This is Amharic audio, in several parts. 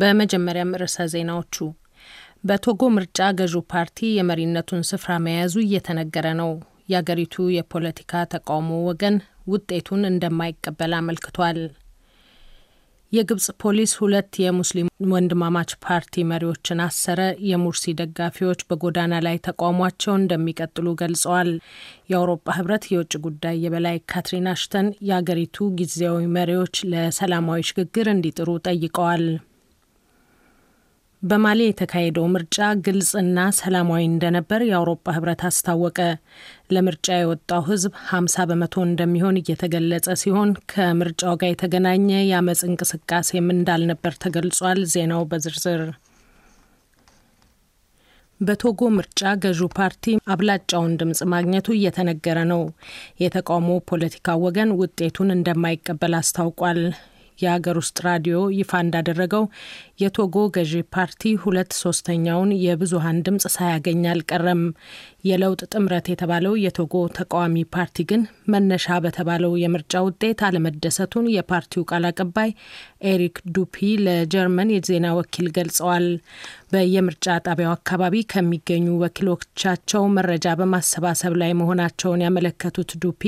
በመጀመሪያም ርዕሰ ዜናዎቹ በቶጎ ምርጫ ገዢው ፓርቲ የመሪነቱን ስፍራ መያዙ እየተነገረ ነው። የአገሪቱ የፖለቲካ ተቃውሞ ወገን ውጤቱን እንደማይቀበል አመልክቷል። የግብጽ ፖሊስ ሁለት የሙስሊም ወንድማማች ፓርቲ መሪዎችን አሰረ። የሙርሲ ደጋፊዎች በጎዳና ላይ ተቃውሟቸውን እንደሚቀጥሉ ገልጸዋል። የአውሮፓ ህብረት የውጭ ጉዳይ የበላይ ካትሪን አሽተን የአገሪቱ ጊዜያዊ መሪዎች ለሰላማዊ ሽግግር እንዲጥሩ ጠይቀዋል። በማሌ የተካሄደው ምርጫ ግልጽና ሰላማዊ እንደነበር የአውሮፓ ህብረት አስታወቀ። ለምርጫ የወጣው ህዝብ 50 በመቶ እንደሚሆን እየተገለጸ ሲሆን ከምርጫው ጋር የተገናኘ የአመፅ እንቅስቃሴም እንዳልነበር ተገልጿል። ዜናው በዝርዝር በቶጎ ምርጫ ገዢው ፓርቲ አብላጫውን ድምጽ ማግኘቱ እየተነገረ ነው። የተቃውሞ ፖለቲካ ወገን ውጤቱን እንደማይቀበል አስታውቋል። የሀገር ውስጥ ራዲዮ ይፋ እንዳደረገው የቶጎ ገዢ ፓርቲ ሁለት ሶስተኛውን የብዙሀን ድምፅ ሳያገኝ አልቀረም። የለውጥ ጥምረት የተባለው የቶጎ ተቃዋሚ ፓርቲ ግን መነሻ በተባለው የምርጫ ውጤት አለመደሰቱን የፓርቲው ቃል አቀባይ ኤሪክ ዱፒ ለጀርመን የዜና ወኪል ገልጸዋል። በየምርጫ ጣቢያው አካባቢ ከሚገኙ ወኪሎቻቸው መረጃ በማሰባሰብ ላይ መሆናቸውን ያመለከቱት ዱፒ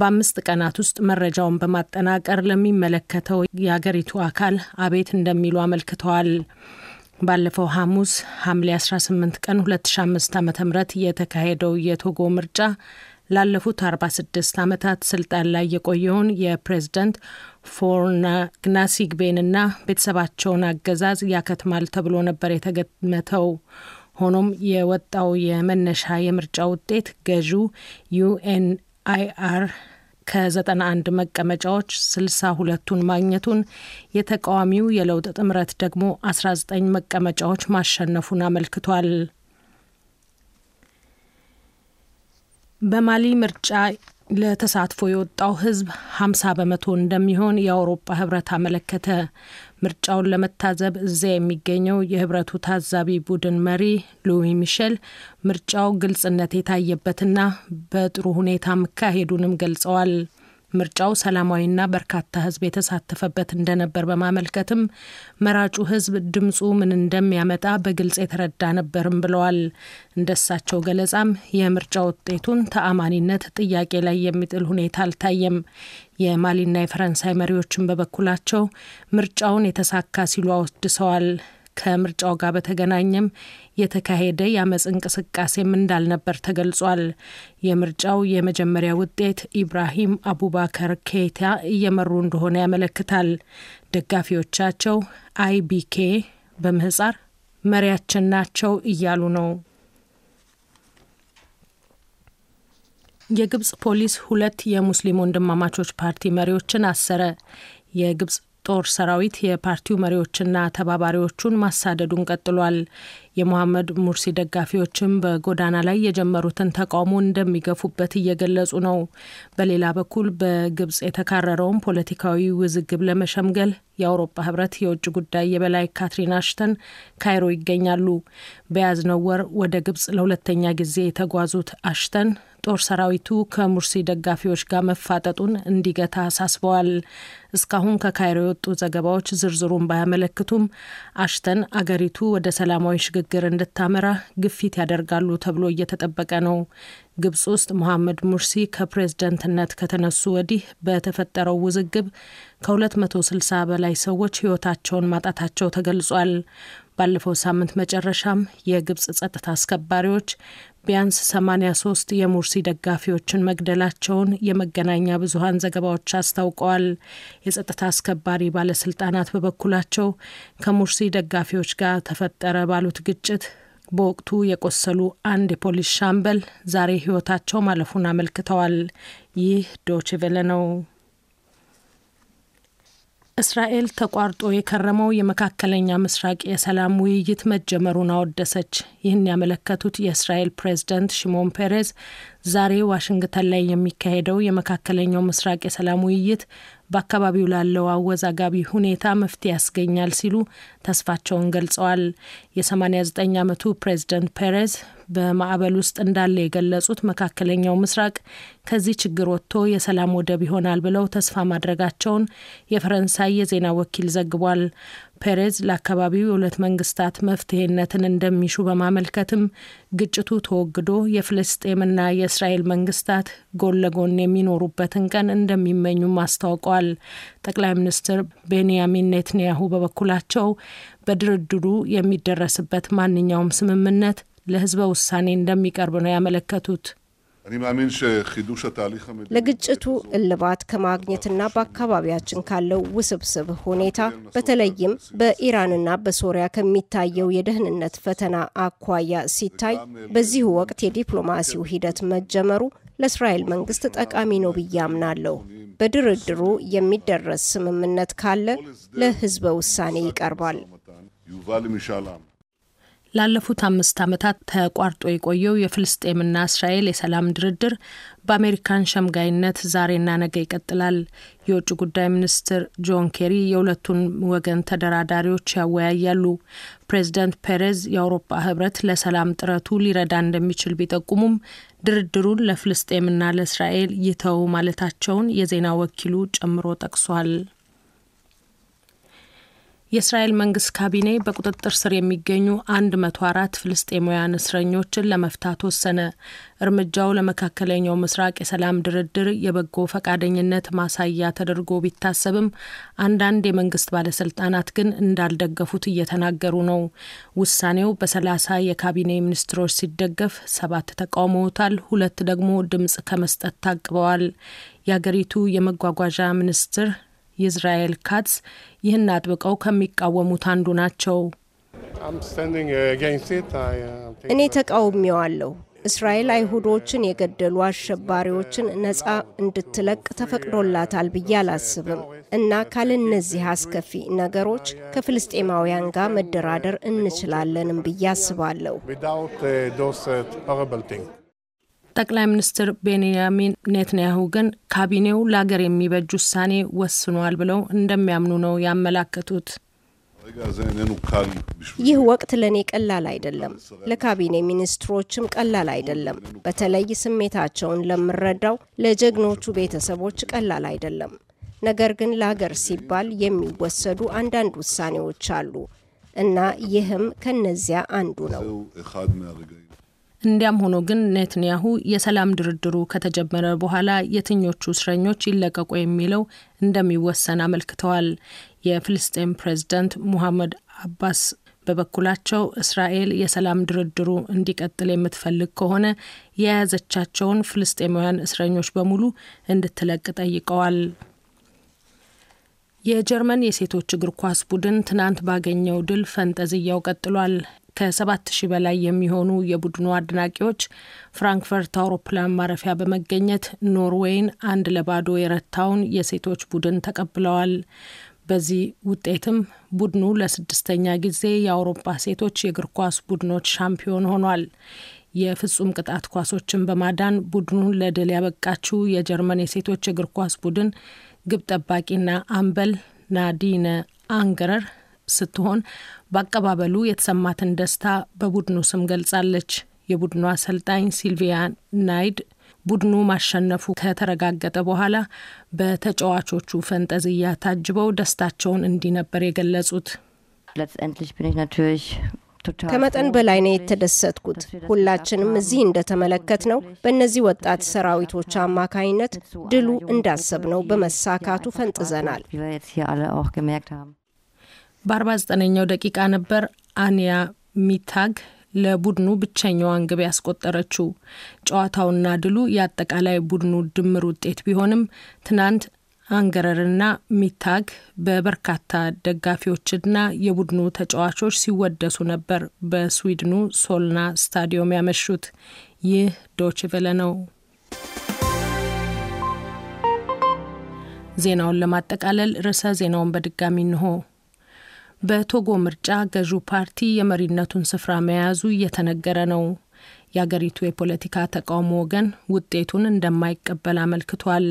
በአምስት ቀናት ውስጥ መረጃውን በማጠናቀር ለሚመለከት የተመለከተው የአገሪቱ አካል አቤት እንደሚሉ አመልክተዋል። ባለፈው ሐሙስ ሐምሌ 18 ቀን 2005 ዓ ም የተካሄደው የቶጎ ምርጫ ላለፉት 46 ዓመታት ስልጣን ላይ የቆየውን የፕሬዝደንት ፎርና ግናሲግቤንና ቤተሰባቸውን አገዛዝ ያከትማል ተብሎ ነበር የተገመተው። ሆኖም የወጣው የመነሻ የምርጫ ውጤት ገዢው ዩኤንአይአር ከ91 መቀመጫዎች 62ቱን ማግኘቱን የተቃዋሚው የለውጥ ጥምረት ደግሞ 19 መቀመጫዎች ማሸነፉን አመልክቷል። በማሊ ምርጫ ለተሳትፎ የወጣው ህዝብ 50 በመቶ እንደሚሆን የአውሮፓ ህብረት አመለከተ። ምርጫውን ለመታዘብ እዚያ የሚገኘው የህብረቱ ታዛቢ ቡድን መሪ ሉዊ ሚሼል ምርጫው ግልጽነት የታየበትና በጥሩ ሁኔታ መካሄዱንም ገልጸዋል። ምርጫው ሰላማዊና በርካታ ህዝብ የተሳተፈበት እንደነበር በማመልከትም መራጩ ህዝብ ድምፁ ምን እንደሚያመጣ በግልጽ የተረዳ ነበርም ብለዋል። እንደሳቸው ገለጻም የምርጫ ውጤቱን ተአማኒነት ጥያቄ ላይ የሚጥል ሁኔታ አልታየም። የማሊና የፈረንሳይ መሪዎችን በበኩላቸው ምርጫውን የተሳካ ሲሉ አወድሰዋል። ከምርጫው ጋር በተገናኘም የተካሄደ የአመፅ እንቅስቃሴም እንዳልነበር ተገልጿል። የምርጫው የመጀመሪያ ውጤት ኢብራሂም አቡባከር ኬታ እየመሩ እንደሆነ ያመለክታል። ደጋፊዎቻቸው አይቢኬ በምህጻር መሪያችን ናቸው እያሉ ነው። የግብጽ ፖሊስ ሁለት የሙስሊም ወንድማማቾች ፓርቲ መሪዎችን አሰረ። የግብጽ ጦር ሰራዊት የፓርቲው መሪዎችና ተባባሪዎቹን ማሳደዱን ቀጥሏል። የሞሐመድ ሙርሲ ደጋፊዎችም በጎዳና ላይ የጀመሩትን ተቃውሞ እንደሚገፉበት እየገለጹ ነው። በሌላ በኩል በግብጽ የተካረረውን ፖለቲካዊ ውዝግብ ለመሸምገል የአውሮፓ ህብረት የውጭ ጉዳይ የበላይ ካትሪን አሽተን ካይሮ ይገኛሉ። በያዝነው ወር ወደ ግብጽ ለሁለተኛ ጊዜ የተጓዙት አሽተን ጦር ሰራዊቱ ከሙርሲ ደጋፊዎች ጋር መፋጠጡን እንዲገታ አሳስበዋል። እስካሁን ከካይሮ የወጡ ዘገባዎች ዝርዝሩን ባያመለክቱም አሽተን አገሪቱ ወደ ሰላማዊ ሽግግር እንድታመራ ግፊት ያደርጋሉ ተብሎ እየተጠበቀ ነው። ግብጽ ውስጥ መሐመድ ሙርሲ ከፕሬዝደንትነት ከተነሱ ወዲህ በተፈጠረው ውዝግብ ከ260 በላይ ሰዎች ሕይወታቸውን ማጣታቸው ተገልጿል። ባለፈው ሳምንት መጨረሻም የግብጽ ጸጥታ አስከባሪዎች ቢያንስ 83 የሙርሲ ደጋፊዎችን መግደላቸውን የመገናኛ ብዙሀን ዘገባዎች አስታውቀዋል። የጸጥታ አስከባሪ ባለስልጣናት በበኩላቸው ከሙርሲ ደጋፊዎች ጋር ተፈጠረ ባሉት ግጭት በወቅቱ የቆሰሉ አንድ የፖሊስ ሻምበል ዛሬ ሕይወታቸው ማለፉን አመልክተዋል። ይህ ዶችቬለ ነው። እስራኤል ተቋርጦ የከረመው የመካከለኛ ምስራቅ የሰላም ውይይት መጀመሩን አወደሰች። ይህን ያመለከቱት የእስራኤል ፕሬዝዳንት ሽሞን ፔሬዝ ዛሬ ዋሽንግተን ላይ የሚካሄደው የመካከለኛው ምስራቅ የሰላም ውይይት በአካባቢው ላለው አወዛጋቢ ሁኔታ መፍትሄ ያስገኛል ሲሉ ተስፋቸውን ገልጸዋል። የ89 ዓመቱ ፕሬዝዳንት ፔሬዝ በማዕበል ውስጥ እንዳለ የገለጹት መካከለኛው ምስራቅ ከዚህ ችግር ወጥቶ የሰላም ወደብ ይሆናል ብለው ተስፋ ማድረጋቸውን የፈረንሳይ የዜና ወኪል ዘግቧል። ፔሬዝ ለአካባቢው የሁለት መንግስታት መፍትሄነትን እንደሚሹ በማመልከትም ግጭቱ ተወግዶ የፍልስጤምና የእስራኤል መንግስታት ጎን ለጎን የሚኖሩበትን ቀን እንደሚመኙም አስታውቀዋል። ጠቅላይ ሚኒስትር ቤንያሚን ኔትንያሁ በበኩላቸው በድርድሩ የሚደረስበት ማንኛውም ስምምነት ለህዝበ ውሳኔ እንደሚቀርብ ነው ያመለከቱት። ለግጭቱ እልባት ከማግኘትና በአካባቢያችን ካለው ውስብስብ ሁኔታ በተለይም በኢራንና በሶሪያ ከሚታየው የደህንነት ፈተና አኳያ ሲታይ በዚሁ ወቅት የዲፕሎማሲው ሂደት መጀመሩ ለእስራኤል መንግስት ጠቃሚ ነው ብዬ አምናለሁ። በድርድሩ የሚደረስ ስምምነት ካለ ለህዝበ ውሳኔ ይቀርባል። ላለፉት አምስት ዓመታት ተቋርጦ የቆየው የፍልስጤምና እስራኤል የሰላም ድርድር በአሜሪካን ሸምጋይነት ዛሬና ነገ ይቀጥላል። የውጭ ጉዳይ ሚኒስትር ጆን ኬሪ የሁለቱን ወገን ተደራዳሪዎች ያወያያሉ። ፕሬዚደንት ፔሬዝ የአውሮፓ ህብረት ለሰላም ጥረቱ ሊረዳ እንደሚችል ቢጠቁሙም ድርድሩን ለፍልስጤምና ለእስራኤል ይተው ማለታቸውን የዜና ወኪሉ ጨምሮ ጠቅሷል። የእስራኤል መንግስት ካቢኔ በቁጥጥር ስር የሚገኙ 104 ፍልስጤማውያን እስረኞችን ለመፍታት ወሰነ። እርምጃው ለመካከለኛው ምስራቅ የሰላም ድርድር የበጎ ፈቃደኝነት ማሳያ ተደርጎ ቢታሰብም አንዳንድ የመንግስት ባለስልጣናት ግን እንዳልደገፉት እየተናገሩ ነው። ውሳኔው በሰላሳ የካቢኔ ሚኒስትሮች ሲደገፍ ሰባት ተቃውመውታል፣ ሁለት ደግሞ ድምጽ ከመስጠት ታቅበዋል። የአገሪቱ የመጓጓዣ ሚኒስትር ይዝራኤል ካትስ ይህን አጥብቀው ከሚቃወሙት አንዱ ናቸው። uh, እኔ ተቃውሚዋለሁ። እስራኤል አይሁዶችን የገደሉ አሸባሪዎችን ነፃ እንድትለቅ ተፈቅዶላታል ብዬ አላስብም እና ካለነዚህ አስከፊ ነገሮች ከፍልስጤማውያን ጋር መደራደር እንችላለንም ብዬ አስባለሁ። uh, uh, ጠቅላይ ሚኒስትር ቤንያሚን ኔትንያሁ ግን ካቢኔው ለአገር የሚበጅ ውሳኔ ወስኗል ብለው እንደሚያምኑ ነው ያመላከቱት። ይህ ወቅት ለእኔ ቀላል አይደለም፣ ለካቢኔ ሚኒስትሮችም ቀላል አይደለም። በተለይ ስሜታቸውን ለምረዳው ለጀግኖቹ ቤተሰቦች ቀላል አይደለም። ነገር ግን ለአገር ሲባል የሚወሰዱ አንዳንድ ውሳኔዎች አሉ እና ይህም ከነዚያ አንዱ ነው። እንዲያም ሆኖ ግን ኔትንያሁ የሰላም ድርድሩ ከተጀመረ በኋላ የትኞቹ እስረኞች ይለቀቁ የሚለው እንደሚወሰን አመልክተዋል። የፍልስጤም ፕሬዝዳንት ሙሐመድ አባስ በበኩላቸው እስራኤል የሰላም ድርድሩ እንዲቀጥል የምትፈልግ ከሆነ የያዘቻቸውን ፍልስጤማውያን እስረኞች በሙሉ እንድትለቅ ጠይቀዋል። የጀርመን የሴቶች እግር ኳስ ቡድን ትናንት ባገኘው ድል ፈንጠዝያው ቀጥሏል። ከሰባት ሺህ በላይ የሚሆኑ የቡድኑ አድናቂዎች ፍራንክፈርት አውሮፕላን ማረፊያ በመገኘት ኖርዌይን አንድ ለባዶ የረታውን የሴቶች ቡድን ተቀብለዋል። በዚህ ውጤትም ቡድኑ ለስድስተኛ ጊዜ የአውሮፓ ሴቶች የእግር ኳስ ቡድኖች ሻምፒዮን ሆኗል። የፍጹም ቅጣት ኳሶችን በማዳን ቡድኑን ለድል ያበቃችው የጀርመን የሴቶች እግር ኳስ ቡድን ግብ ጠባቂና አምበል ናዲነ አንገረር ስትሆን በአቀባበሉ የተሰማትን ደስታ በቡድኑ ስም ገልጻለች። የቡድኑ አሰልጣኝ ሲልቪያ ናይድ ቡድኑ ማሸነፉ ከተረጋገጠ በኋላ በተጫዋቾቹ ፈንጠዝያ ታጅበው ደስታቸውን እንዲህ ነበር የገለጹት። ከመጠን በላይ ነው የተደሰትኩት። ሁላችንም እዚህ እንደተመለከት ነው በእነዚህ ወጣት ሰራዊቶች አማካኝነት ድሉ እንዳሰብነው በመሳካቱ ፈንጥዘናል። በ49ኛው ደቂቃ ነበር አንያ ሚታግ ለቡድኑ ብቸኛዋን ግብ ያስቆጠረችው። ጨዋታውና ድሉ የአጠቃላይ ቡድኑ ድምር ውጤት ቢሆንም ትናንት አንገረርና ሚታግ በበርካታ ደጋፊዎችና የቡድኑ ተጫዋቾች ሲወደሱ ነበር በስዊድኑ ሶልና ስታዲየም ያመሹት። ይህ ዶችቬለ ነው። ዜናውን ለማጠቃለል ርዕሰ ዜናውን በድጋሚ እንሆ በቶጎ ምርጫ ገዢው ፓርቲ የመሪነቱን ስፍራ መያዙ እየተነገረ ነው። የአገሪቱ የፖለቲካ ተቃውሞ ወገን ውጤቱን እንደማይቀበል አመልክቷል።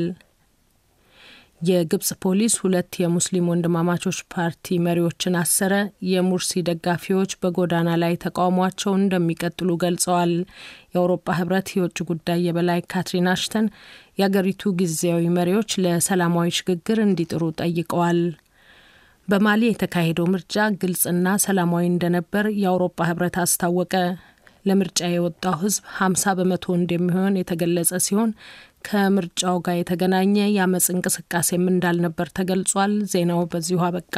የግብጽ ፖሊስ ሁለት የሙስሊም ወንድማማቾች ፓርቲ መሪዎችን አሰረ። የሙርሲ ደጋፊዎች በጎዳና ላይ ተቃውሟቸውን እንደሚቀጥሉ ገልጸዋል። የአውሮፓ ህብረት የውጭ ጉዳይ የበላይ ካትሪን አሽተን የአገሪቱ ጊዜያዊ መሪዎች ለሰላማዊ ሽግግር እንዲጥሩ ጠይቀዋል። በማሊ የተካሄደው ምርጫ ግልጽና ሰላማዊ እንደነበር የአውሮፓ ህብረት አስታወቀ። ለምርጫ የወጣው ህዝብ 50 በመቶ እንደሚሆን የተገለጸ ሲሆን ከምርጫው ጋር የተገናኘ የአመፅ እንቅስቃሴም እንዳልነበር ተገልጿል። ዜናው በዚሁ አበቃ።